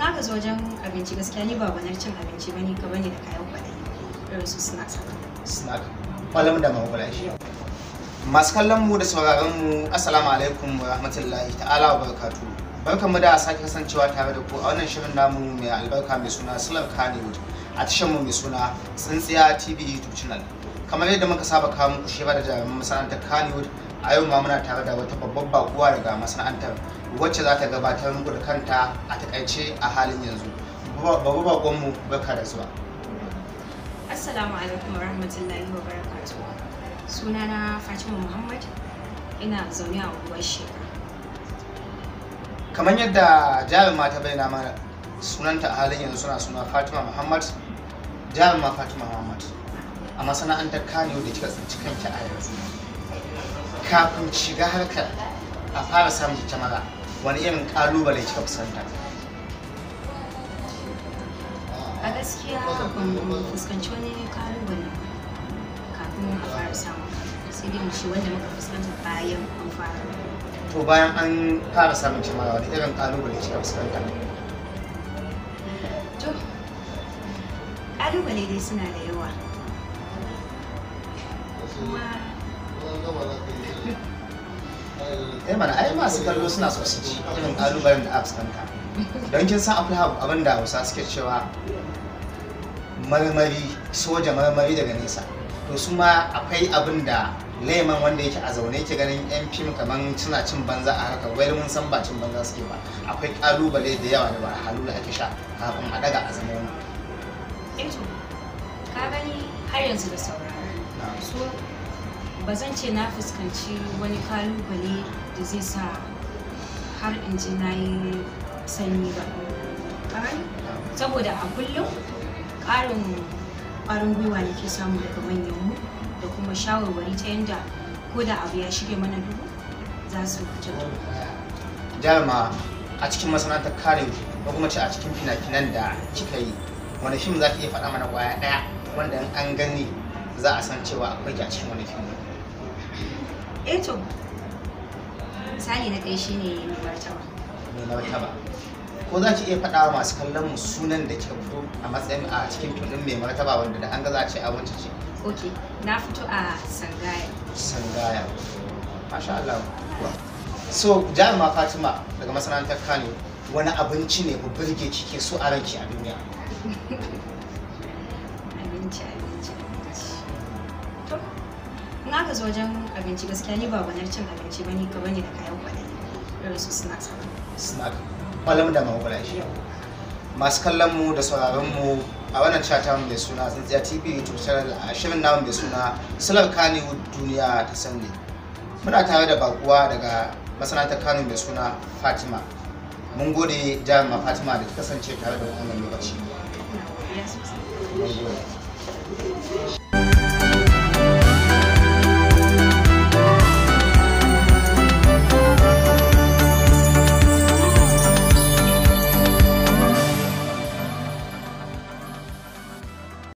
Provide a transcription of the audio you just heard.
in ka zo wajen abinci gaskiya ni ba wani cin abinci bane ka bane da kayan kwaɗayi irin su snacks snack kwalam da magwala shi masu kallon mu da sauraron mu assalamu alaikum wa rahmatullahi ta'ala wa barakatu barkanmu da sake kasancewa tare da ku a wannan shirin namu mai albarka mai suna silar kanewood a tashar mu mai suna tsintsiya tv youtube channel kamar yadda muka saba kawo muku shira da jarumin masana'antar kanewood a yau ma muna tare da wata babbar baƙuwa daga masana'antar wacce za ta gabatar muku da kanta a takaice a halin yanzu babu mu baka da zuwa assalamu alaikum warahmatullahi wabarakatuh sunana fatima muhammad ina zaune a unguwar shekara kamar yadda jaruma ta bayyana mana sunanta a halin yanzu suna suna fatima muhammad jaruma fatima muhammad a masana'antar kaniyo da kika tsinci kanki a yanzu kafin shiga harkar a fara samun jama'a wani irin kalubale kika fuskanta a gaskiya ban fuskanci wani kalubale kafin a fara samun sai dai mu shi wanda muka fuskanta bayan an fara to bayan an fara samun jama'a wani irin kalubale kika fuskanta to kalubale dai suna da yawa kuma eh mana ai masu kallo suna so su ji irin kalubalen da apps ɗinka don kin san apple hub abin da hausa suke cewa marmari soja marmari daga nesa to su ma akwai abin da laiman wanda yake a zaune yake ganin yan fim kamar suna cin banza a haka wai mun san ba cin banza suke ba akwai kalubale da yawa da ba halu da ake sha kafin a daga a zama wani eh ka gani har yanzu da saurara ba zan ce na fuskanci wani kalubale da zai sa har in ji na yi sanyi ba saboda a kullum ƙarin ƙwarin gwiwa ne ke samu daga manyanmu da kuma shawarwari ta yadda ko da abu ya shige mana duhu za su fita dama a cikin masana'antar karin ko kuma ce a cikin fina-finan da kika yi wani fim za ka iya faɗa mana ƙwaya ɗaya wanda an gani za a san cewa akwai ki a cikin wani kyau eh to misali na ɗaya shine mai martaba mai martaba ko za ki iya faɗa wa masu kallon mu sunan da kika fito a matsayin a cikin filin mai martaba wanda da an ga za a ce a wancan ce ok na fito a sangaya sangaya masha Allah so jami'a fatima daga masana'antar kano wani abinci ne ku burge kike so a ranki a duniya abinci abinci in aka zo wajen abinci gaskiya ni ba wani cin abinci ba ni ka bane da kayan kwanani irin su snacks haka snack malam da kwalai shi masu kallon mu da sauraron mu a wannan chatan mai suna tsintsiya tv to channel a shirin namu mai suna silar kaniwood duniya ta sanne muna tare da bakuwa daga masana'antar kano mai suna fatima mun gode jami'a fatima da ta kasance tare da wannan lokaci Thank you.